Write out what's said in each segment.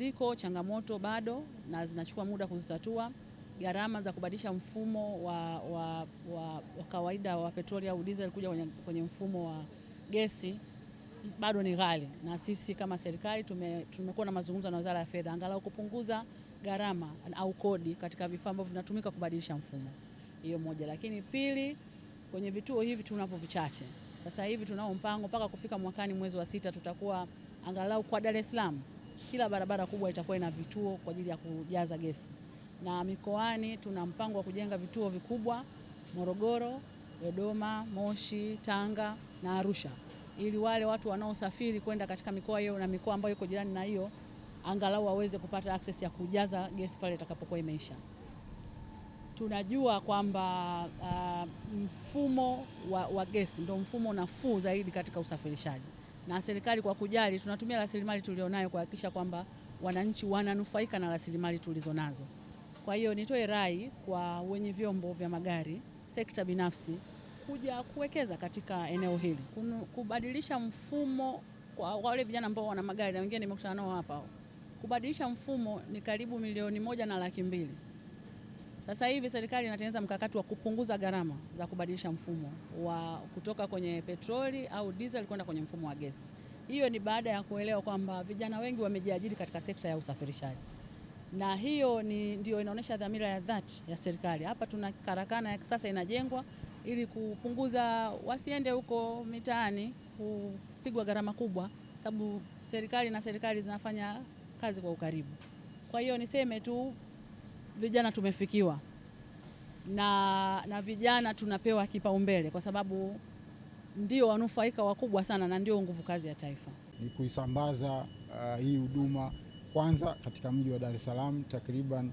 Ziko changamoto bado na zinachukua muda kuzitatua. Gharama za kubadilisha mfumo wa, wa, wa, wa kawaida wa petroli au diesel kuja kwenye, kwenye mfumo wa gesi bado ni ghali, na sisi kama serikali tume, tumekuwa na mazungumzo na Wizara ya Fedha angalau kupunguza gharama au kodi katika vifaa ambavyo vinatumika kubadilisha mfumo. Hiyo moja, lakini pili, kwenye vituo hivi tunavyo vichache. Sasa hivi tunao mpango mpaka kufika mwakani mwezi wa sita tutakuwa angalau kwa Dar es Salaam kila barabara kubwa itakuwa ina vituo kwa ajili ya kujaza gesi, na mikoani tuna mpango wa kujenga vituo vikubwa Morogoro, Dodoma, Moshi, Tanga na Arusha, ili wale watu wanaosafiri kwenda katika mikoa hiyo na mikoa ambayo iko jirani na hiyo angalau waweze kupata access ya kujaza gesi pale itakapokuwa imeisha. Tunajua kwamba uh, mfumo wa, wa gesi ndio mfumo nafuu zaidi katika usafirishaji na serikali kwa kujali, tunatumia rasilimali tulionayo kuhakikisha kwamba wananchi wananufaika na rasilimali tulizonazo. Kwa hiyo nitoe rai kwa wenye vyombo vya magari, sekta binafsi kuja kuwekeza katika eneo hili, kubadilisha mfumo kwa wale vijana ambao wana magari, na wengine nimekutana nao hapa, kubadilisha mfumo ni karibu milioni moja na laki mbili. Sasa hivi serikali inatengeneza mkakati wa kupunguza gharama za kubadilisha mfumo wa kutoka kwenye petroli au diesel kwenda kwenye mfumo wa gesi. Hiyo ni baada ya kuelewa kwamba vijana wengi wamejiajiri katika sekta ya usafirishaji, na hiyo ni ndio inaonyesha dhamira ya dhati ya serikali. Hapa tuna karakana ya kisasa inajengwa ili kupunguza wasiende huko mitaani kupigwa gharama kubwa, sababu serikali na serikali zinafanya kazi kwa ukaribu. Kwa hiyo niseme tu vijana tumefikiwa na, na vijana tunapewa kipaumbele kwa sababu ndio wanufaika wakubwa sana na ndio nguvu kazi ya taifa. Ni kuisambaza uh, hii huduma kwanza katika mji wa Dar es Salaam, takriban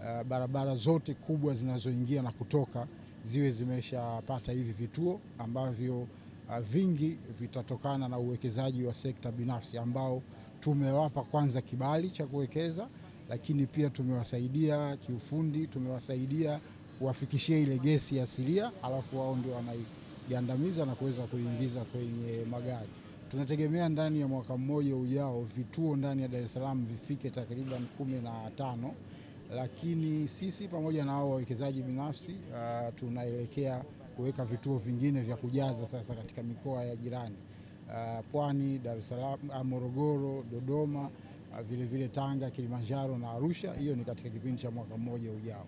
uh, barabara zote kubwa zinazoingia na kutoka ziwe zimeshapata hivi vituo ambavyo uh, vingi vitatokana na uwekezaji wa sekta binafsi ambao tumewapa kwanza kibali cha kuwekeza lakini pia tumewasaidia kiufundi, tumewasaidia kuwafikishia ile gesi asilia, alafu wao ndio wanaigandamiza na kuweza kuingiza kwenye magari. Tunategemea ndani ya mwaka mmoja ujao vituo ndani ya Dar es Salaam vifike takriban kumi na tano, lakini sisi pamoja na hao wawekezaji binafsi uh, tunaelekea kuweka vituo vingine vya kujaza sasa katika mikoa ya jirani uh, Pwani, Dar es Salaam, ah, Morogoro, Dodoma vilevile ah, Tanga, Kilimanjaro na Arusha. Hiyo ni katika kipindi cha mwaka mmoja ujao.